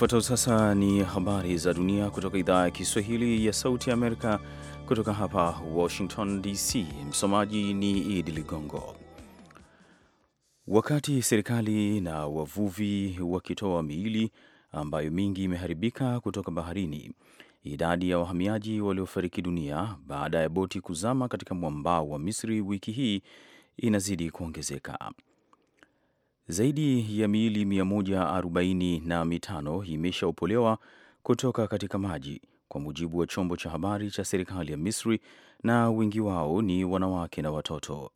Zifuatazo sasa ni habari za dunia kutoka idhaa ya Kiswahili ya Sauti ya Amerika, kutoka hapa Washington DC. Msomaji ni Idi Ligongo. Wakati serikali na wavuvi wakitoa wa miili ambayo mingi imeharibika kutoka baharini, idadi ya wahamiaji waliofariki dunia baada ya boti kuzama katika mwambao wa Misri wiki hii inazidi kuongezeka. Zaidi ya miili 145 imeshaopolewa kutoka katika maji kwa mujibu wa chombo cha habari cha serikali ya Misri, na wengi wao ni wanawake na watoto.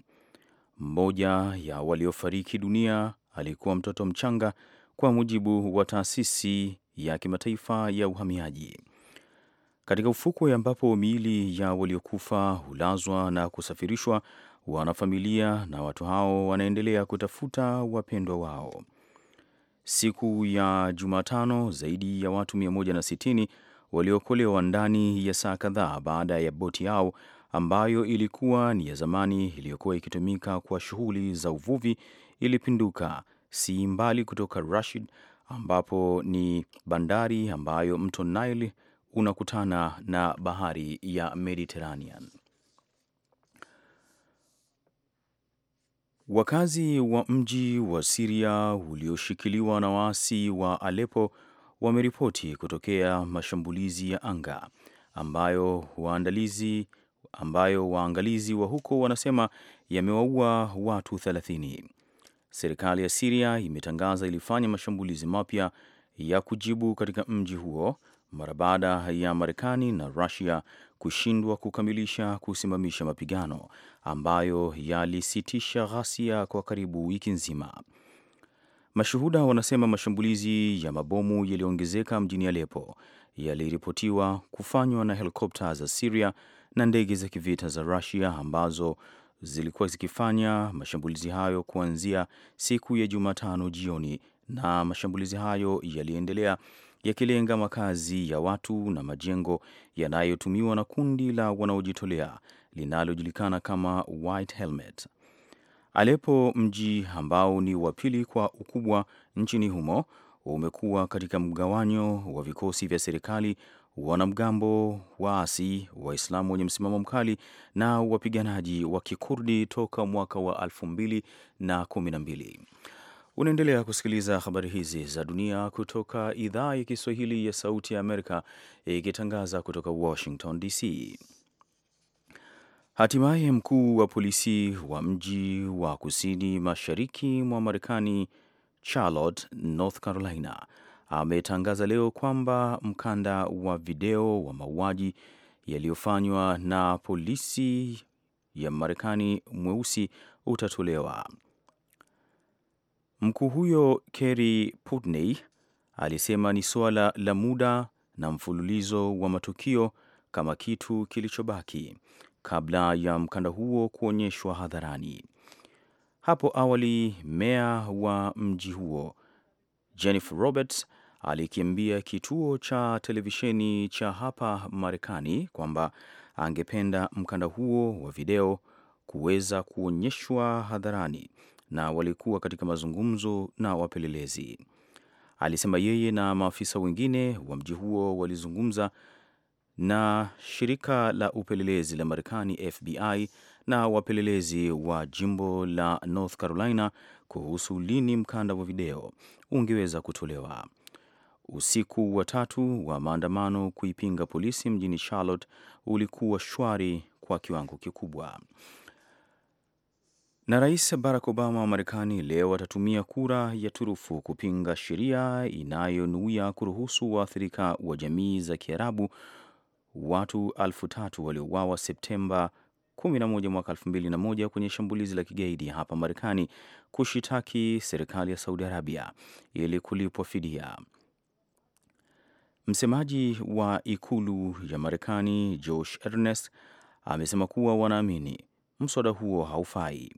Mmoja ya waliofariki dunia alikuwa mtoto mchanga, kwa mujibu wa taasisi ya kimataifa ya uhamiaji. Katika ufukwe ambapo miili ya waliokufa hulazwa na kusafirishwa, wanafamilia na watu hao wanaendelea kutafuta wapendwa wao. Siku ya Jumatano, zaidi ya watu 160 waliokolewa ndani ya saa kadhaa baada ya boti yao ambayo ilikuwa ni ya zamani iliyokuwa ikitumika kwa shughuli za uvuvi ilipinduka si mbali kutoka Rashid, ambapo ni bandari ambayo mto Nile unakutana na bahari ya Mediterranean. Wakazi wa mji wa Siria ulioshikiliwa na waasi wa Alepo wameripoti kutokea mashambulizi ya anga ambayo waandalizi ambayo waangalizi wa huko wanasema yamewaua watu 30. Serikali ya Siria imetangaza ilifanya mashambulizi mapya ya kujibu katika mji huo mara baada ya Marekani na Rusia kushindwa kukamilisha kusimamisha mapigano ambayo yalisitisha ghasia kwa karibu wiki nzima. Mashuhuda wanasema mashambulizi ya mabomu yaliyoongezeka mjini alepo yaliripotiwa kufanywa na helikopta za siria na ndege za kivita za Rusia ambazo zilikuwa zikifanya mashambulizi hayo kuanzia siku ya Jumatano jioni na mashambulizi hayo yaliendelea yakilenga makazi ya watu na majengo yanayotumiwa na kundi la wanaojitolea linalojulikana kama White Helmet. Aleppo, mji ambao ni wa pili kwa ukubwa nchini humo, umekuwa katika mgawanyo wa vikosi vya serikali, wanamgambo waasi, Waislamu wenye msimamo mkali na wapiganaji wa Kikurdi toka mwaka wa 2012. Unaendelea kusikiliza habari hizi za dunia kutoka idhaa ya Kiswahili ya Sauti ya Amerika ikitangaza kutoka Washington DC. Hatimaye mkuu wa polisi wa mji wa kusini mashariki mwa Marekani, Charlotte, North Carolina, ametangaza leo kwamba mkanda wa video wa mauaji yaliyofanywa na polisi ya Marekani mweusi utatolewa. Mkuu huyo Kerry Putney alisema ni suala la muda na mfululizo wa matukio kama kitu kilichobaki kabla ya mkanda huo kuonyeshwa hadharani. Hapo awali meya wa mji huo Jennifer Roberts alikiambia kituo cha televisheni cha hapa Marekani kwamba angependa mkanda huo wa video kuweza kuonyeshwa hadharani na walikuwa katika mazungumzo na wapelelezi. Alisema yeye na maafisa wengine wa mji huo walizungumza na shirika la upelelezi la Marekani FBI na wapelelezi wa jimbo la North Carolina kuhusu lini mkanda wa video ungeweza kutolewa. Usiku wa tatu wa maandamano kuipinga polisi mjini Charlotte ulikuwa shwari kwa kiwango kikubwa. Na Rais Barack Obama wa Marekani leo atatumia kura ya turufu kupinga sheria inayonuia kuruhusu waathirika wa jamii za Kiarabu watu elfu tatu waliouawa Septemba 11 mwaka 2001 kwenye shambulizi la kigaidi hapa Marekani kushitaki serikali ya Saudi Arabia ili kulipwa fidia. Msemaji wa ikulu ya Marekani Josh Ernest amesema kuwa wanaamini mswada huo haufai.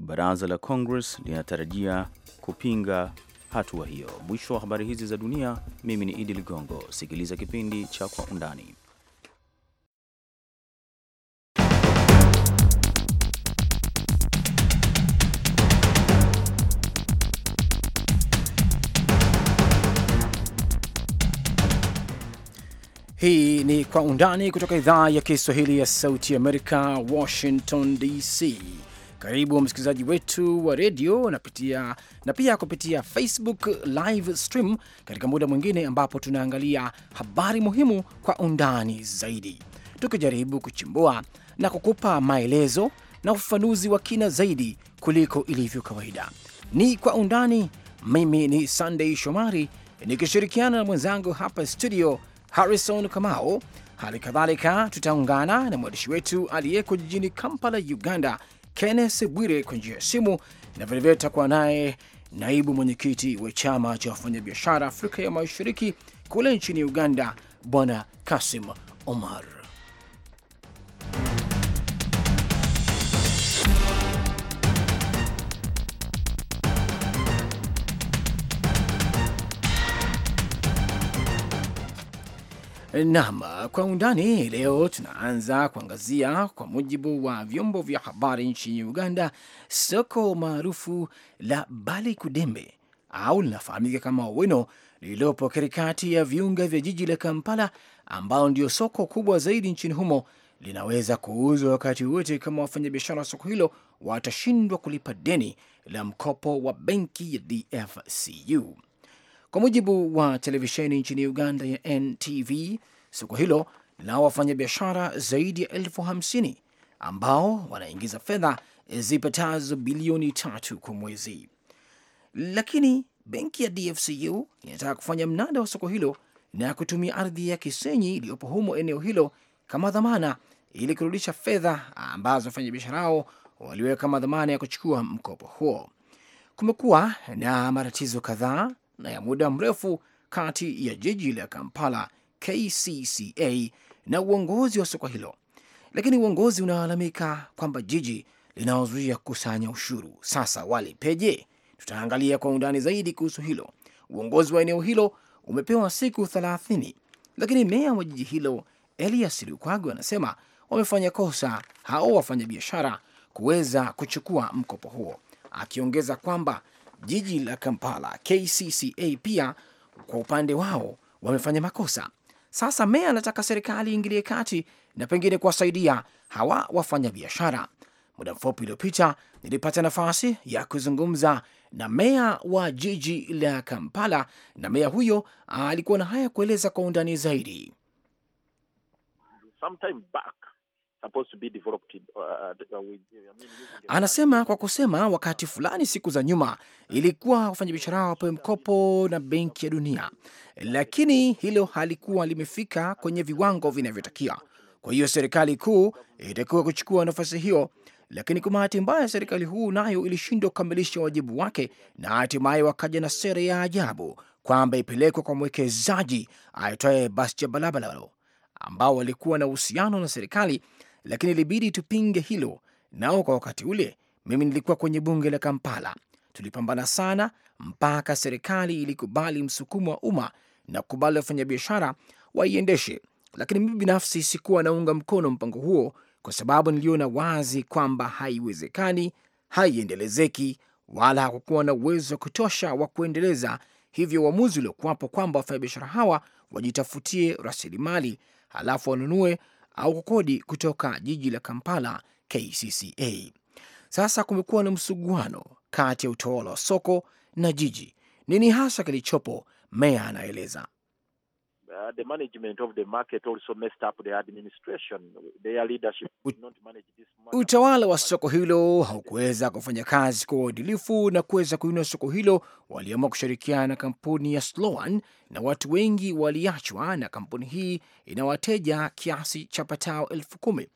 Baraza la Congress linatarajia kupinga hatua hiyo. Mwisho wa habari hizi za dunia. Mimi ni Idi Ligongo. Sikiliza kipindi cha Kwa Undani. Hii ni Kwa Undani kutoka idhaa ya Kiswahili ya Sauti Amerika, Washington DC. Karibu msikilizaji wetu wa redio napitia na pia kupitia Facebook live stream katika muda mwingine ambapo tunaangalia habari muhimu kwa undani zaidi, tukijaribu kuchimbua na kukupa maelezo na ufafanuzi wa kina zaidi kuliko ilivyo kawaida. Ni kwa undani. Mimi ni Sunday Shomari nikishirikiana na mwenzangu hapa studio Harrison Kamao. Hali kadhalika tutaungana na mwandishi wetu aliyeko jijini Kampala, Uganda, Kenneth Bwire kwa njia ya simu, na vilevile tutakuwa naye naibu mwenyekiti wa chama cha wafanyabiashara Afrika ya Mashariki kule nchini Uganda, Bwana Kasim Omar. Naam, kwa undani leo tunaanza kuangazia, kwa mujibu wa vyombo vya habari nchini Uganda, soko maarufu la Balikudembe au linafahamika kama Owino lililopo katikati ya viunga vya jiji la Kampala, ambalo ndio soko kubwa zaidi nchini humo, linaweza kuuzwa wakati wote kama wafanyabiashara wa soko hilo watashindwa kulipa deni la mkopo wa benki ya DFCU. Kwa mujibu wa televisheni nchini Uganda ya NTV, soko hilo linao wafanyabiashara zaidi ya elfu hamsini ambao wanaingiza fedha zipatazo bilioni tatu kwa mwezi, lakini benki ya DFCU inataka kufanya mnada wa soko hilo na kutumia ardhi ya Kisenyi iliyopo humo eneo hilo kama dhamana ili kurudisha fedha ambazo wafanyabiashara hao waliweka madhamana ya kuchukua mkopo huo. Kumekuwa na matatizo kadhaa na ya muda mrefu kati ya jiji la Kampala KCCA na uongozi wa soko hilo, lakini uongozi unalalamika kwamba jiji linaozuia kukusanya ushuru. Sasa walipeje? Tutaangalia kwa undani zaidi kuhusu hilo. Uongozi wa eneo hilo umepewa siku thelathini, lakini meya wa jiji hilo Elias Lukwago anasema wamefanya kosa hao wafanyabiashara kuweza kuchukua mkopo huo, akiongeza kwamba Jiji la Kampala KCCA pia kwa upande wao wamefanya makosa. Sasa meya anataka serikali iingilie kati na pengine kuwasaidia hawa wafanya biashara. Muda mfupi uliopita nilipata nafasi ya kuzungumza na meya wa jiji la Kampala, na meya huyo alikuwa na haya kueleza kwa undani zaidi. Sometime back Uh, uh, anasema kwa kusema wakati fulani siku za nyuma ilikuwa wafanyabiashara wapewe mkopo na Benki ya Dunia, lakini hilo halikuwa limefika kwenye viwango vinavyotakiwa. Kwa hiyo serikali kuu itakiwa kuchukua nafasi hiyo, lakini kwa bahati mbaya serikali huu nayo ilishindwa kukamilisha wajibu wake, na hatimaye wakaja na sera ya ajabu kwamba ipelekwe kwa mwekezaji aitwaye Basjabalabalo ambao walikuwa na uhusiano na serikali lakini ilibidi tupinge hilo. Nao kwa wakati ule mimi nilikuwa kwenye bunge la Kampala, tulipambana sana mpaka serikali ilikubali msukumo wa umma na kukubali wafanyabiashara waiendeshe, lakini mimi binafsi sikuwa naunga mkono mpango huo kwa sababu niliona wazi kwamba haiwezekani, haiendelezeki, wala hakukuwa na uwezo wa kutosha wa kuendeleza. Hivyo uamuzi uliokuwapo kwamba wafanyabiashara hawa wajitafutie rasilimali halafu wanunue au kukodi kutoka jiji la Kampala KCCA. Sasa kumekuwa na msuguano kati ya utawala wa soko na jiji. Nini hasa kilichopo? Meya anaeleza uh, the management of the market also messed up administration. Their leadership not manage this market. Utawala wa soko hilo haukuweza kufanya kazi kwa uadilifu na kuweza kuinua soko hilo. Waliamua kushirikiana na kampuni ya Sloan na watu wengi waliachwa, na kampuni hii ina wateja kiasi cha patao elfu kumi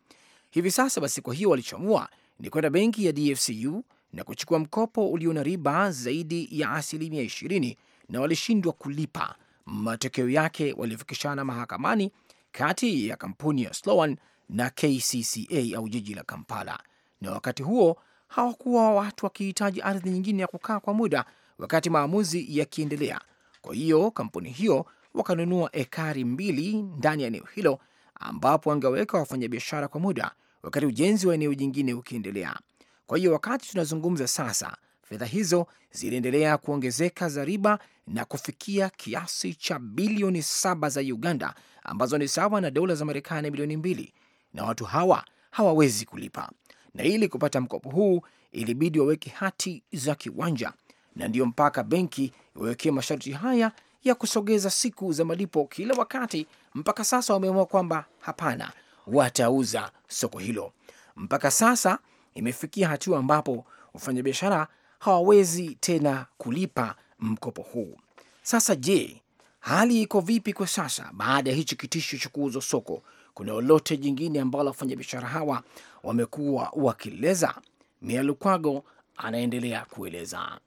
hivi sasa. Basi kwa hiyo walichoamua ni kwenda benki ya DFCU na kuchukua mkopo ulio na riba zaidi ya asilimia ishirini na walishindwa kulipa Matokeo yake walifikishana mahakamani kati ya kampuni ya Sloan na KCCA au jiji la Kampala, na wakati huo hawakuwa watu wakihitaji ardhi nyingine ya kukaa kwa muda wakati maamuzi yakiendelea. Kwa hiyo kampuni hiyo wakanunua ekari mbili ndani ya eneo hilo ambapo wangeweka wafanyabiashara kwa muda wakati ujenzi wa eneo jingine ukiendelea. Kwa hiyo wakati tunazungumza sasa, fedha hizo ziliendelea kuongezeka za riba na kufikia kiasi cha bilioni saba za Uganda ambazo ni sawa na dola za Marekani milioni mbili, na watu hawa hawawezi kulipa, na ili kupata mkopo huu ilibidi waweke hati za kiwanja, na ndiyo mpaka benki iwawekee masharti haya ya kusogeza siku za malipo kila wakati. Mpaka sasa wameamua kwamba hapana, watauza soko hilo. Mpaka sasa imefikia hatua ambapo wafanyabiashara hawawezi tena kulipa mkopo huu. Sasa je, hali iko vipi kwa sasa baada ya hichi kitisho cha kuuzwa soko? Kuna lolote jingine ambalo wafanyabiashara hawa wamekuwa wakileza? Mia Lukwago anaendelea kueleza.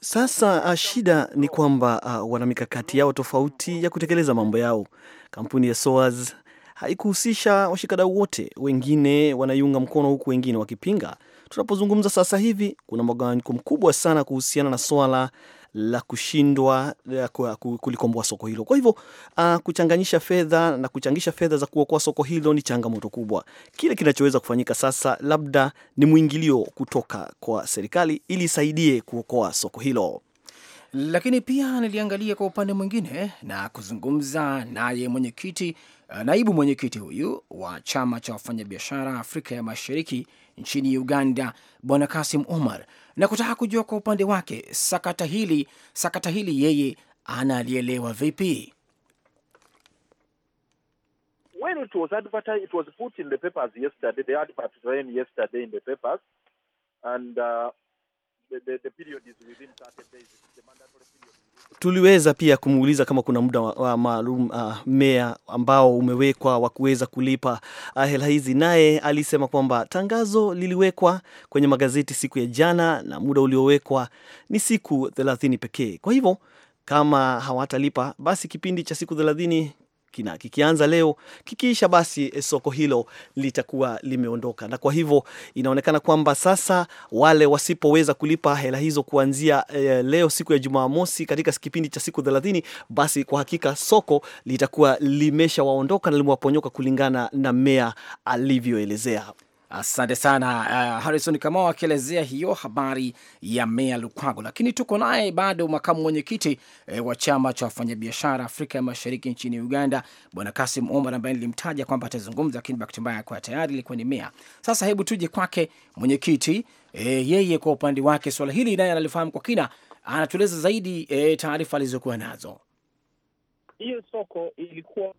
Sasa ah, shida ni kwamba uh, wana mikakati yao tofauti ya kutekeleza mambo yao. Kampuni ya SOAS haikuhusisha washikadau wote, wengine wanaiunga mkono huku wengine wakipinga. Tunapozungumza sasa hivi kuna mgawanyiko mkubwa sana kuhusiana na swala la kushindwa eh, kulikomboa soko hilo. Kwa hivyo uh, ah, kuchanganyisha fedha na kuchangisha fedha za kuokoa soko hilo ni changamoto kubwa. Kile kinachoweza kufanyika sasa labda ni mwingilio kutoka kwa serikali ili isaidie kuokoa soko hilo. Lakini pia niliangalia kwa upande mwingine na kuzungumza naye mwenyekiti Uh, naibu mwenyekiti huyu wa chama cha wafanyabiashara Afrika ya Mashariki nchini Uganda, Bwana Kasim Omar, na kutaka kujua kwa upande wake sakata hili sakata hili yeye analielewa vipi? it was advertised, it was put in the papers yesterday. yesterday in the papers. And, uh, the, the, the period is within 30 days. The mandatory tuliweza pia kumuuliza kama kuna muda wa maalum uh, ah, mea ambao umewekwa wa kuweza kulipa uh, hela hizi, naye alisema kwamba tangazo liliwekwa kwenye magazeti siku ya jana na muda uliowekwa ni siku thelathini pekee. Kwa hivyo kama hawatalipa basi kipindi cha siku thelathini kina, kikianza leo kikiisha, basi eh, soko hilo litakuwa limeondoka, na kwa hivyo inaonekana kwamba sasa wale wasipoweza kulipa hela hizo kuanzia e, leo siku ya Jumamosi katika kipindi cha siku 30 basi kwa hakika soko litakuwa limeshawaondoka na limewaponyoka kulingana na meya alivyoelezea. Asante sana uh, Harrison Kamau akielezea hiyo habari ya Meya Lukwago. Lakini tuko naye bado makamu mwenyekiti eh, wa chama cha wafanyabiashara Afrika ya Mashariki nchini Uganda, Bwana Kasim Omar ambaye nilimtaja kwamba atazungumza, lakini bahati mbaya kwa tayari ilikuwa ni meya. Sasa hebu tuje kwake mwenyekiti eh, yeye kwa upande wake swala hili naye analifahamu kwa kina, anatueleza zaidi eh, taarifa alizokuwa nazo hiyo soko ilikuwa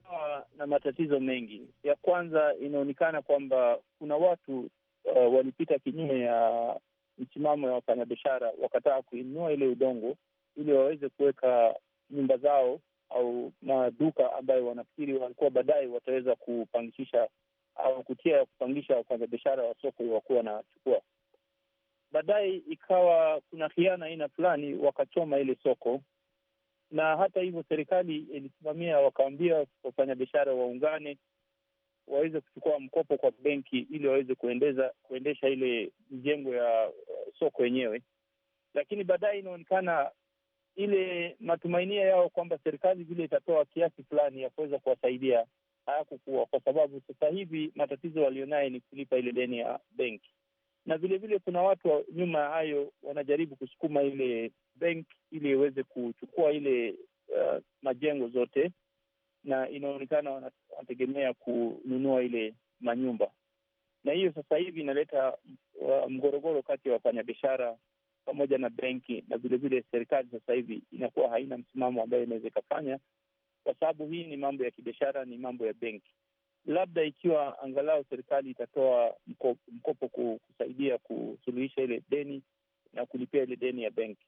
na matatizo mengi. Ya kwanza, inaonekana kwamba kuna watu uh, walipita kinyume ya msimamo ya wafanyabiashara, wakataka kuinua ile udongo ili waweze kuweka nyumba zao au maduka ambayo wanafikiri walikuwa baadaye wataweza kupangisha au kutia ya kupangisha wafanyabiashara wa soko wakuwa wanachukua. Baadaye ikawa kuna khiana aina fulani, wakachoma ile soko na hata hivyo serikali ilisimamia, wakaambia wafanyabiashara waungane waweze kuchukua mkopo kwa benki ili waweze kuendeza kuendesha ile mjengo ya uh, soko yenyewe, lakini baadaye inaonekana ile matumainia yao kwamba serikali vile itatoa kiasi fulani ya kuweza kuwasaidia hayakukuwa, kwa sababu sasa hivi matatizo walionaye ni kulipa ile deni ya benki na vilevile kuna watu wa nyuma ya hayo wanajaribu kusukuma ile bank ili iweze kuchukua ile uh, majengo zote, na inaonekana wanategemea kununua ile manyumba, na hiyo sasa hivi inaleta uh, mgorogoro kati ya wafanyabiashara pamoja na benki na vilevile serikali. Sasa hivi inakuwa haina msimamo ambayo inaweza ikafanya, kwa sababu hii ni mambo ya kibiashara, ni mambo ya benki labda ikiwa angalau serikali itatoa mkopo, mkopo kusaidia kusuluhisha ile deni na kulipia ile deni ya benki.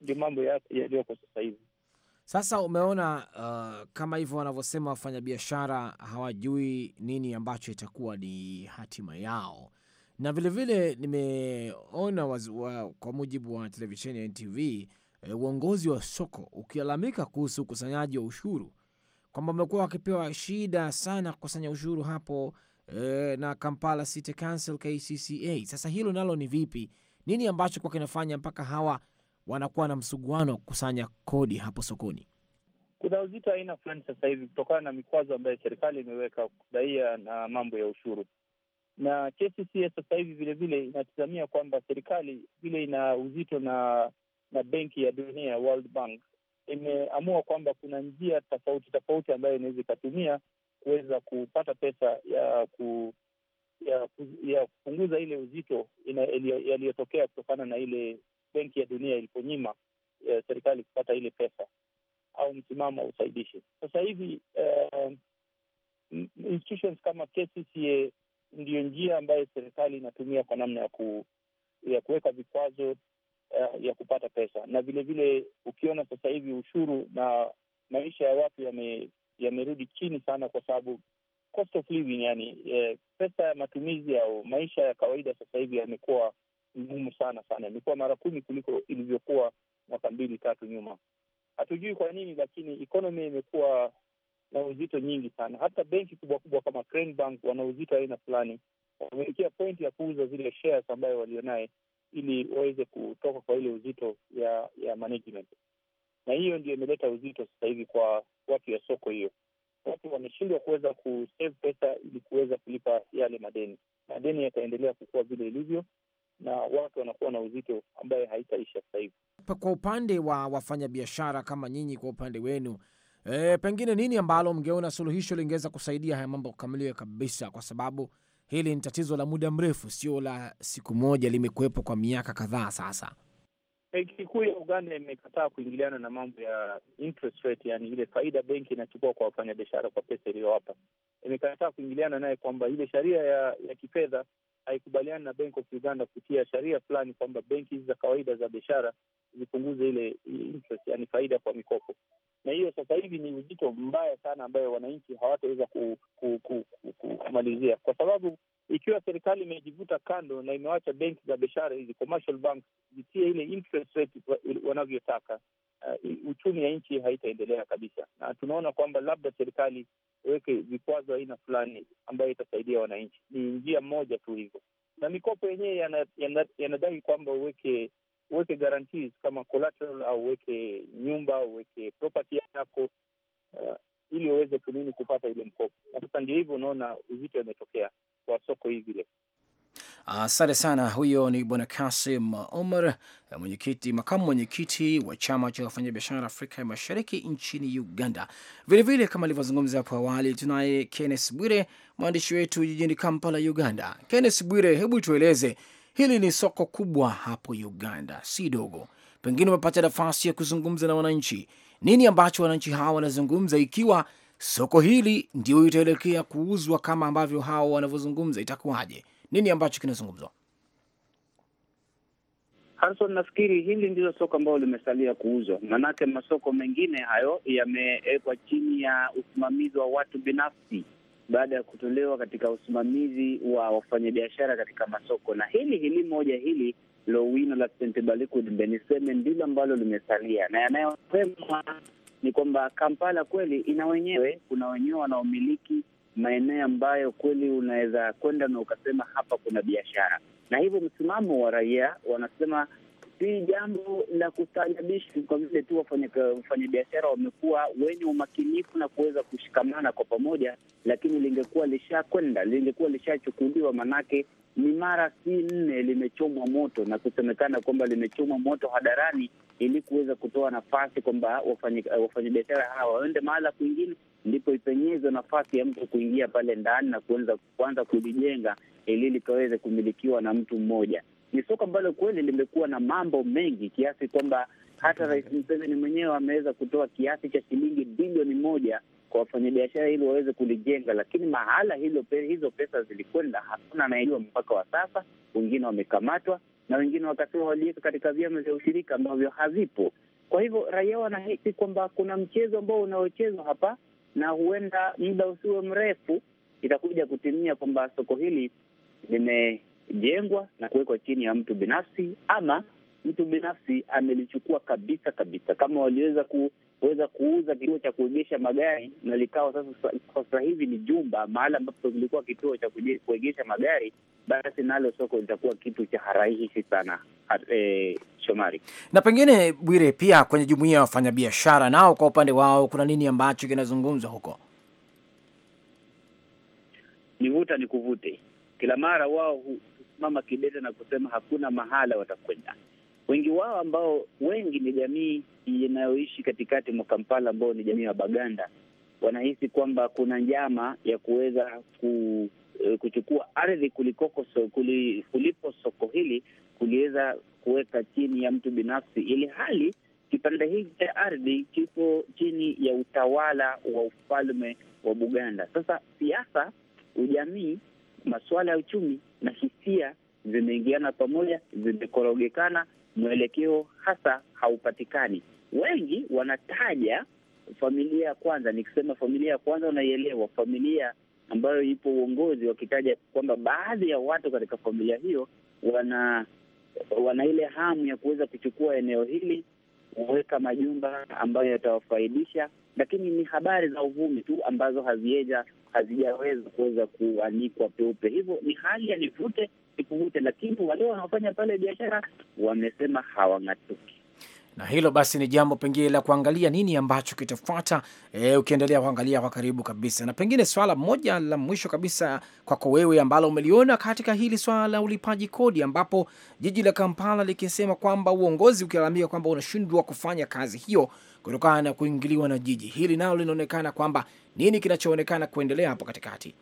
Ndio mambo yaliyoko ya sasa hivi. Sasa umeona, uh, kama hivyo wanavyosema wafanyabiashara hawajui nini ambacho itakuwa ni hatima yao, na vilevile nimeona kwa mujibu wa televisheni ya NTV, eh, uongozi wa soko ukilalamika kuhusu ukusanyaji wa ushuru kwamba wamekuwa wakipewa shida sana kukusanya ushuru hapo e, na Kampala City Council KCCA. Sasa hilo nalo ni vipi, nini ambacho kwa kinafanya mpaka hawa wanakuwa na msuguano wa kukusanya kodi hapo sokoni? Kuna uzito aina fulani sasa hivi kutokana na mikwazo ambayo serikali imeweka kudaia na mambo ya ushuru, na KCCA sasa hivi vilevile inatizamia kwamba serikali vile ina uzito na na benki ya dunia World Bank imeamua kwamba kuna njia tofauti tofauti ambayo inaweza ikatumia kuweza kupata pesa ya ku ya, ya kupunguza ile uzito yaliyotokea kutokana na ile Benki ya Dunia iliponyima e, serikali kupata ile pesa au msimamo wa usaidishi. Sasa hivi uh, institutions kama KCCA ndiyo njia ambayo serikali inatumia kwa namna ya ku, ya kuweka vikwazo uh, ya kupata pesa. Na vilevile ukiona sasa hivi ushuru na maisha ya watu yamerudi me, ya chini sana, kwa sababu cost of living, yani eh, pesa ya matumizi au maisha ya kawaida sasa hivi yamekuwa ngumu sana sana, imekuwa mara kumi kuliko ilivyokuwa mwaka mbili tatu nyuma. Hatujui kwa nini, lakini economy imekuwa na uzito nyingi sana. Hata benki kubwa kubwa kama Crane Bank wana uzito aina fulani, wameingia pointi ya kuuza zile shares ambayo walionaye ili waweze kutoka kwa ile uzito ya ya management, na hiyo ndio imeleta uzito sasa hivi kwa watu ya soko hiyo. Watu wameshindwa kuweza kusave pesa ili kuweza kulipa yale madeni. Madeni yataendelea kukua vile ilivyo, na watu wanakuwa na uzito ambaye haitaisha sasa hivi. Kwa upande wa wafanyabiashara kama nyinyi, kwa upande wenu e, pengine nini ambalo mngeona suluhisho lingeweza kusaidia haya mambo kukamiliwe kabisa, kwa sababu hili ni tatizo la muda mrefu, sio la siku moja, limekuwepo kwa miaka kadhaa sasa. Benki kuu ya Uganda imekataa kuingiliana na mambo ya interest rate, yani ile faida benki inachukua kwa wafanyabiashara kwa pesa iliyowapa. Imekataa kuingiliana naye kwamba ile sheria ya, ya kifedha haikubaliani na Bank of Uganda kutia sheria fulani kwamba benki hizi za kawaida za biashara zipunguze ile interest, yani faida kwa mikopo. Na hiyo sasa hivi ni uzito mbaya sana ambayo wananchi hawataweza kumalizia, kwa sababu ikiwa serikali imejivuta kando na imewacha benki za biashara hizi commercial banks zitie ile interest rate wanavyotaka uh, uchumi ya nchi haitaendelea kabisa, na tunaona kwamba labda serikali iweke vikwazo aina fulani ambayo itasaidia wananchi. Ni njia moja tu hivyo, na mikopo yenyewe yanadai yana, yana kwamba uweke uweke guarantees kama collateral au uweke nyumba au uweke property yako uh, ili uweze kunini kupata ile mkopo, na sasa ndio hivyo unaona uzito umetokea kwa soko hivi leo. Asante sana. Huyo ni bwana Kasim Omar, mwenyekiti, makamu mwenyekiti wa chama cha wafanyabiashara Afrika ya Mashariki nchini Uganda. Vilevile vile, kama alivyozungumza hapo awali, tunaye Kenneth Bwire, mwandishi wetu jijini Kampala, Uganda. Kenneth Bwire, hebu tueleze, hili ni soko kubwa hapo Uganda, si dogo. Pengine umepata nafasi ya kuzungumza na wananchi, nini ambacho wananchi hawa wanazungumza, ikiwa soko hili ndio itaelekea kuuzwa kama ambavyo hawa wanavyozungumza, itakuwaje? Nini ambacho kinazungumzwa? Harrison, nafikiri hili ndilo soko ambalo limesalia kuuzwa, maanake masoko mengine hayo yamewekwa chini ya usimamizi wa watu binafsi baada ya kutolewa katika usimamizi wa wafanyabiashara katika masoko, na hili hili moja hili lowino la Beniseme ndilo ambalo limesalia, na yanayosemwa ni kwamba Kampala kweli ina wenyewe, kuna wenyewe wanaomiliki maeneo ambayo kweli unaweza kwenda na ukasema hapa kuna biashara. Na hivyo msimamo wa raia wanasema si jambo la kustaajabisha, kwa vile tu wafanyabiashara wamekuwa wenye umakinifu na kuweza kushikamana kwa pamoja, lakini lingekuwa lishakwenda, lingekuwa lishachukuliwa, manake ni mara si nne limechomwa moto na kusemekana kwamba limechomwa moto hadharani ili kuweza kutoa nafasi kwamba eh, wafanyabiashara hawa waende mahala kwingine, ndipo ipenyezwe nafasi ya mtu kuingia pale ndani na kuanza kulijenga ili likaweze kumilikiwa na mtu mmoja. Ni soko ambalo kweli limekuwa na mambo mengi kiasi kwamba hata Rais Museveni mwenyewe ameweza kutoa kiasi cha shilingi bilioni moja kwa wafanyabiashara ili waweze kulijenga, lakini mahala hilo hizo pesa zilikwenda hakuna anayejua mpaka wa sasa. Wengine wamekamatwa, na wengine wakasema waliweka katika vyama vya ushirika ambavyo havipo. Kwa hivyo raia wanahisi kwamba kuna mchezo ambao unaochezwa hapa, na huenda muda usiwe mrefu itakuja kutimia kwamba soko hili limejengwa na kuwekwa chini ya mtu binafsi ama mtu binafsi amelichukua kabisa kabisa, kama waliweza ku kuweza kuuza kituo cha kuegesha magari na likawa sasa, kwa sasa hivi ni jumba mahala ambapo kilikuwa kituo cha kuegesha magari, basi nalo soko litakuwa kitu cha rahisi sana. E, Shomari, na pengine Bwire, pia kwenye jumuia ya wafanyabiashara nao kwa upande wao kuna nini ambacho kinazungumzwa huko? Nivuta ni kuvute, kila mara wao husimama kidete na kusema hakuna mahala watakwenda wengi wao ambao wengi ni jamii inayoishi katikati mwa Kampala, ambao ni jamii ya Baganda, wanahisi kwamba kuna njama ya kuweza ku, eh, kuchukua ardhi kulikoko so, kuli, kulipo soko hili kuliweza kuweka chini ya mtu binafsi, ili hali kipande hiki cha ardhi kipo chini ya utawala wa ufalme wa Buganda. Sasa siasa, ujamii, masuala ya uchumi na hisia zimeingiana pamoja, zimekorogekana mwelekeo hasa haupatikani. Wengi wanataja familia ya kwanza. Nikisema familia ya kwanza, unaielewa familia ambayo ipo uongozi, wakitaja kwamba baadhi ya watu katika familia hiyo wana wana ile hamu ya kuweza kuchukua eneo hili, kuweka majumba ambayo yatawafaidisha, lakini ni habari za uvumi tu ambazo hazijaweza kuweza kuanikwa peupe. Hivyo ni hali ya nivute ipunguke, lakini wale wanaofanya pale biashara wamesema hawang'atuki na hilo basi ni jambo pengine la kuangalia nini ambacho kitafuata, e, ukiendelea kuangalia kwa karibu kabisa. Na pengine swala moja la mwisho kabisa kwako wewe ambalo umeliona katika hili swala la ulipaji kodi, ambapo jiji la Kampala likisema kwamba uongozi ukilalamika kwamba unashindwa kufanya kazi hiyo kutokana na kuingiliwa na jiji hili, nalo linaonekana kwamba nini kinachoonekana kuendelea hapo katikati.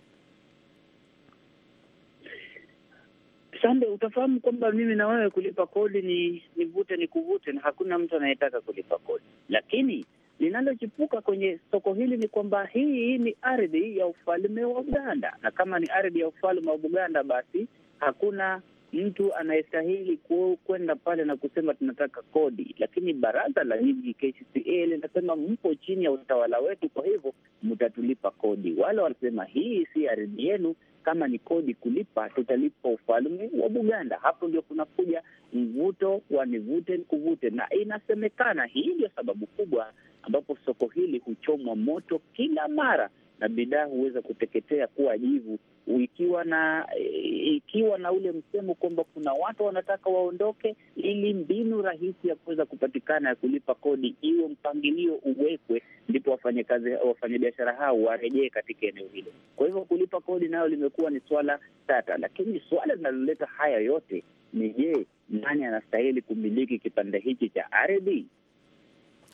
Sande, utafahamu kwamba mimi na wewe kulipa kodi ni ni ni kuvute, na hakuna mtu anayetaka kulipa kodi, lakini linalochipuka kwenye soko hili ni kwamba hii ni ardhi ya ufalme wa uganda na kama ni ardhi ya ufalme wa Buganda, basi hakuna mtu anayestahili kwenda pale na kusema tunataka kodi, lakini baraza la jiji KCCA linasema mpo chini ya utawala wetu, kwa hivyo mtatulipa kodi. Wale wanasema hii si ardhi yenu, kama ni kodi kulipa, tutalipa ufalme wa Buganda. Hapo ndio kunakuja mvuto wa nivute nikuvute, na inasemekana hii ndio sababu kubwa ambapo soko hili huchomwa moto kila mara na bidhaa huweza kuteketea kuwa jivu, ikiwa na ikiwa na ule msemo kwamba kuna watu wanataka waondoke, ili mbinu rahisi ya kuweza kupatikana ya kulipa kodi iwe mpangilio uwekwe, ndipo wafanyakazi wafanyabiashara hao warejee katika eneo hilo. Kwa hivyo kulipa kodi nayo limekuwa ni swala tata, lakini swala linaloleta haya yote ni je, nani anastahili kumiliki kipande hiki cha ardhi?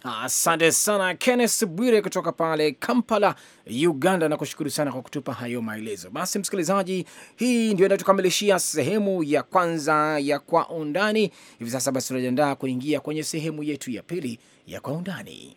Asante sana kennes Bwire kutoka pale Kampala, Uganda, na kushukuru sana kwa kutupa hayo maelezo. Basi msikilizaji, hii ndio inatukamilishia sehemu ya kwanza ya Kwa Undani. Hivi sasa basi tunajiandaa kuingia kwenye sehemu yetu ya pili ya Kwa Undani.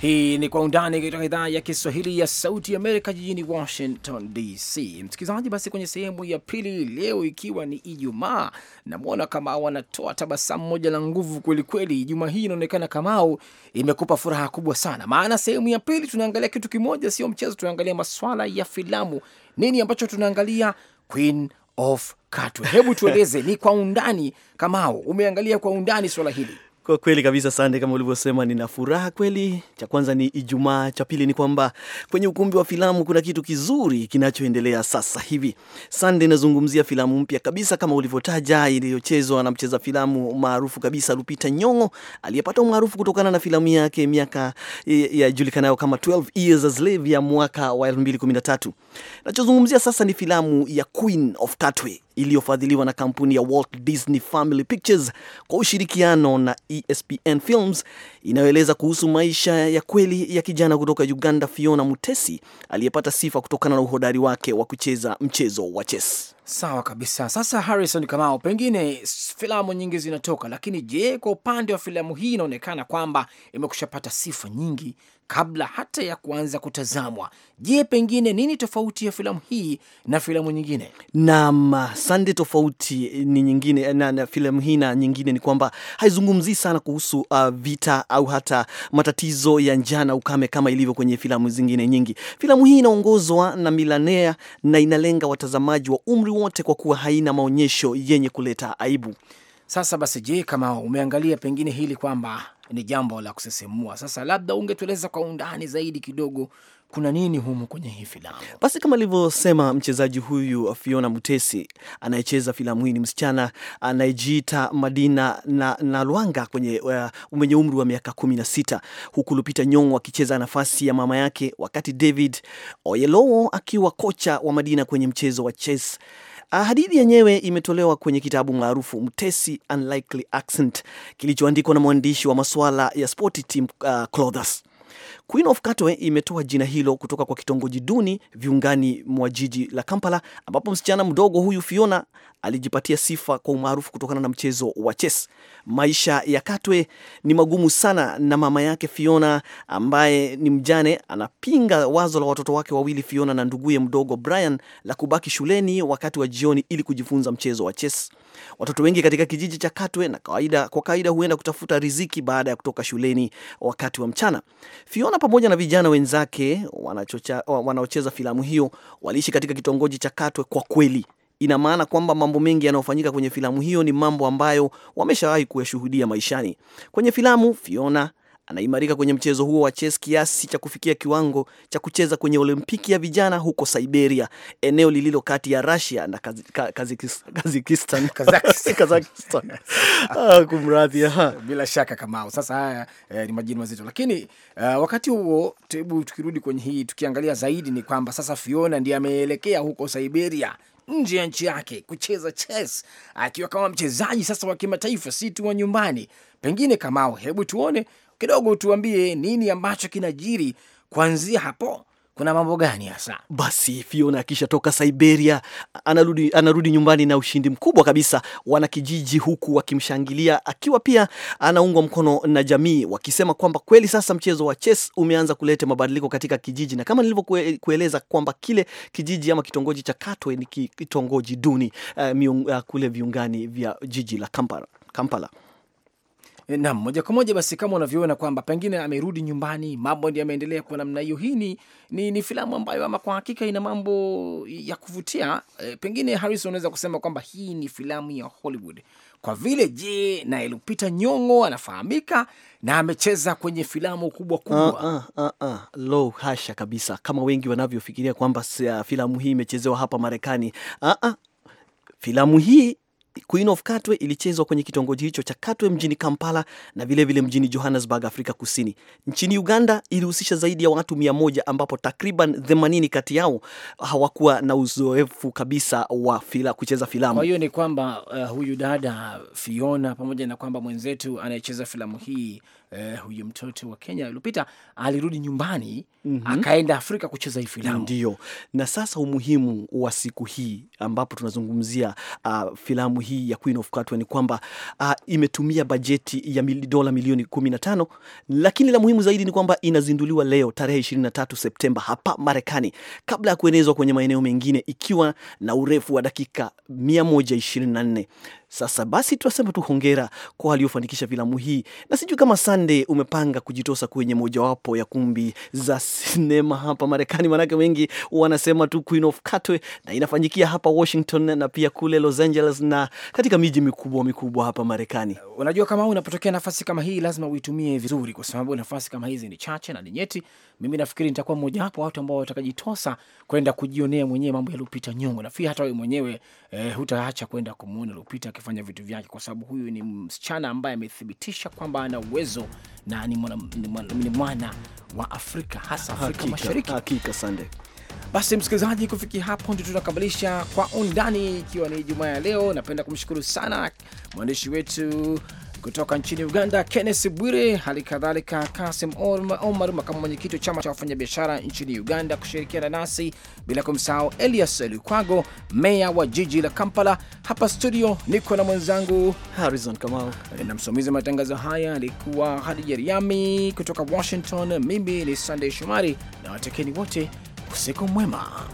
Hii ni Kwa Undani kutoka idhaa ya Kiswahili ya Sauti Amerika, jijini Washington DC. Msikilizaji, basi kwenye sehemu ya pili leo, ikiwa ni Ijumaa, namwona Kamau anatoa tabasamu moja la nguvu kwelikweli. Ijumaa hii inaonekana Kamau imekupa furaha kubwa sana, maana sehemu ya pili tunaangalia kitu kimoja, sio mchezo. Tunaangalia maswala ya filamu. Nini ambacho tunaangalia? Queen of Katwe. Hebu tueleze, ni kwa undani. Kamau, umeangalia kwa undani swala hili? Kwa kweli kabisa, Sande, kama ulivyosema, nina furaha kweli. Cha kwanza ni Ijumaa, cha pili ni kwamba kwenye ukumbi wa filamu kuna kitu kizuri kinachoendelea sasa hivi. Sande, nazungumzia filamu mpya kabisa kama ulivyotaja, iliyochezwa na mcheza filamu maarufu kabisa Lupita Nyong'o aliyepata umaarufu kutokana na filamu yake miaka e, yajulikanayo kama 12 Years a Slave ya mwaka wa 2013. Nachozungumzia sasa ni filamu ya Queen of Katwe iliyofadhiliwa na kampuni ya Walt Disney Family Pictures kwa ushirikiano na ESPN Films inayoeleza kuhusu maisha ya kweli ya kijana kutoka Uganda Fiona Mutesi aliyepata sifa kutokana na uhodari wake wa kucheza mchezo wa chess. Sawa kabisa. Sasa Harrison Kamau, pengine filamu nyingi zinatoka, lakini je, kwa upande wa filamu hii inaonekana kwamba imekushapata sifa nyingi kabla hata ya kuanza kutazamwa. Je, pengine nini tofauti ya filamu hii na filamu nyingine? Naam, sande. Tofauti ni nyingine na, na filamu hii na nyingine ni kwamba haizungumzii sana kuhusu uh, vita au hata matatizo ya njaa na ukame kama ilivyo kwenye filamu zingine nyingi. Filamu hii inaongozwa na milanea na inalenga watazamaji wa umri wowote kwa kuwa haina maonyesho yenye kuleta aibu. Sasa basi, je, kama umeangalia pengine hili kwamba ni jambo la kusisimua, sasa labda ungetueleza kwa undani zaidi kidogo kuna nini humu kwenye hii filamu? Basi, kama alivyosema mchezaji huyu Fiona Mutesi anayecheza filamu hii, ni msichana anayejiita Madina na, na Lwanga kwenye uh, mwenye umri wa miaka kumi na sita, huku Lupita Nyong'o akicheza nafasi ya mama yake, wakati David Oyelowo akiwa kocha wa Madina kwenye mchezo wa chess Ah, hadithi yenyewe imetolewa kwenye kitabu maarufu Mtesi Unlikely Accent kilichoandikwa na mwandishi wa masuala ya spoti Tim uh, ah, Clothers. Queen of Katwe imetoa jina hilo kutoka kwa kitongoji duni viungani mwa jiji la Kampala, ambapo msichana mdogo huyu Fiona alijipatia sifa kwa umaarufu kutokana na mchezo wa chess. Maisha ya Katwe ni magumu sana, na mama yake Fiona ambaye ni mjane anapinga wazo la watoto wake wawili Fiona na nduguye mdogo Brian la kubaki shuleni wakati wa jioni ili kujifunza mchezo wa chess. Watoto wengi katika kijiji cha Katwe na kawaida, kwa kawaida huenda kutafuta riziki baada ya kutoka shuleni wakati wa mchana. Fiona pamoja na vijana wenzake wanaocheza filamu hiyo waliishi katika kitongoji cha Katwe. Kwa kweli, ina maana kwamba mambo mengi yanayofanyika kwenye filamu hiyo ni mambo ambayo wameshawahi kuyashuhudia maishani. Kwenye filamu Fiona anaimarika kwenye mchezo huo wa chess kiasi cha kufikia kiwango cha kucheza kwenye Olimpiki ya vijana huko Siberia, eneo lililo kati ya Russia na Kazakistan. Kazakistan, ah, kumradhi. Ah. Bila shaka Kamau, sasa haya eh, ni majina mazito, lakini uh, wakati huo, hebu tukirudi kwenye hii, tukiangalia zaidi ni kwamba sasa Fiona ndiye ameelekea huko Siberia nje ya nchi yake kucheza chess akiwa kama mchezaji sasa wa kimataifa, si tu wa nyumbani. Pengine Kamao, hebu tuone kidogo tuambie nini ambacho kinajiri kuanzia hapo. Kuna mambo gani hasa? Basi Fiona akishatoka Siberia anarudi, anarudi nyumbani na ushindi mkubwa kabisa, wanakijiji huku wakimshangilia, akiwa pia anaungwa mkono na jamii, wakisema kwamba kweli sasa mchezo wa chess umeanza kuleta mabadiliko katika kijiji, na kama nilivyokueleza kwamba kile kijiji ama kitongoji cha Katwe ni kitongoji duni uh, miung, uh, kule viungani vya jiji la Kampala, Kampala. Naam, moja kwa moja basi, kama unavyoona kwamba pengine amerudi nyumbani, mambo ndio yameendelea kwa namna hiyo. Hii ni, ni, ni filamu ambayo ama kwa hakika ina mambo ya kuvutia. E, pengine Harrison, unaweza kusema kwamba hii ni filamu ya Hollywood kwa vile je, na Lupita Nyong'o anafahamika na amecheza kwenye filamu kubwa kubwa. Uh, uh, uh, uh. Lo, hasha kabisa, kama wengi wanavyofikiria kwamba filamu hii imechezewa hapa Marekani. uh, uh. Filamu hii Queen of Katwe ilichezwa kwenye kitongoji hicho cha Katwe mjini Kampala na vilevile vile mjini Johannesburg, Afrika Kusini. Nchini Uganda ilihusisha zaidi ya watu mia moja ambapo takriban 80 kati yao hawakuwa na uzoefu kabisa wa fila, kucheza filamu. Kwa hiyo ni kwamba uh, huyu dada Fiona pamoja na kwamba mwenzetu anayecheza filamu hii eh, huyu mtoto wa Kenya aliopita alirudi nyumbani mm -hmm. akaenda Afrika kucheza hii filamu. Ndio, na sasa umuhimu wa siku hii ambapo tunazungumzia uh, filamu hii ya Queen of Katwe ni kwamba uh, imetumia bajeti ya mili, dola milioni 15, lakini la muhimu zaidi ni kwamba inazinduliwa leo tarehe 23 Septemba hapa Marekani kabla ya kuenezwa kwenye maeneo mengine ikiwa na urefu wa dakika 124. Sasa basi tunasema tu hongera kwa waliofanikisha filamu hii, na sijui kama Sande umepanga kujitosa kwenye mojawapo ya kumbi za sinema hapa Marekani, manake wengi wanasema tu Queen of Katwe, na inafanyikia hapa Washington na pia kule Los Angeles na katika miji mikubwa mikubwa hapa Marekani. Unajua, kama unapotokea nafasi kama hii lazima uitumie vizuri, kwa sababu nafasi kama hizi ni chache na ni nyeti. Mimi nafikiri nitakuwa mmojawapo watu ambao watakajitosa kwenda kujionea mwenyewe mambo ya Lupita Nyong'o, nafikiri hata wewe mwenyewe eh, hutaacha kwenda kumwona Lupita akifanya vitu vyake, kwa sababu huyu ni msichana ambaye amethibitisha kwamba ana uwezo na ni mwana, ni mwana, ni mwana wa Afrika hasa Afrika hakika, Mashariki. Hakika Sande. Basi msikilizaji, kufikia hapo ndio tunakamilisha kwa undani, ikiwa ni Ijumaa ya leo. Napenda kumshukuru sana mwandishi wetu kutoka nchini Uganda, kennes Bwire, hali kadhalika Kasim Omar, makamu mwenyekiti wa chama cha wafanyabiashara nchini Uganda, kushirikiana nasi, bila kumsahau Elias Lukwago, meya wa jiji la Kampala. Hapa studio niko na mwenzangu Harrison Kamau na msimamizi wa matangazo haya alikuwa Hadija Riami. Kutoka Washington, mimi ni sandey Shomari na watekeni wote, usiku mwema.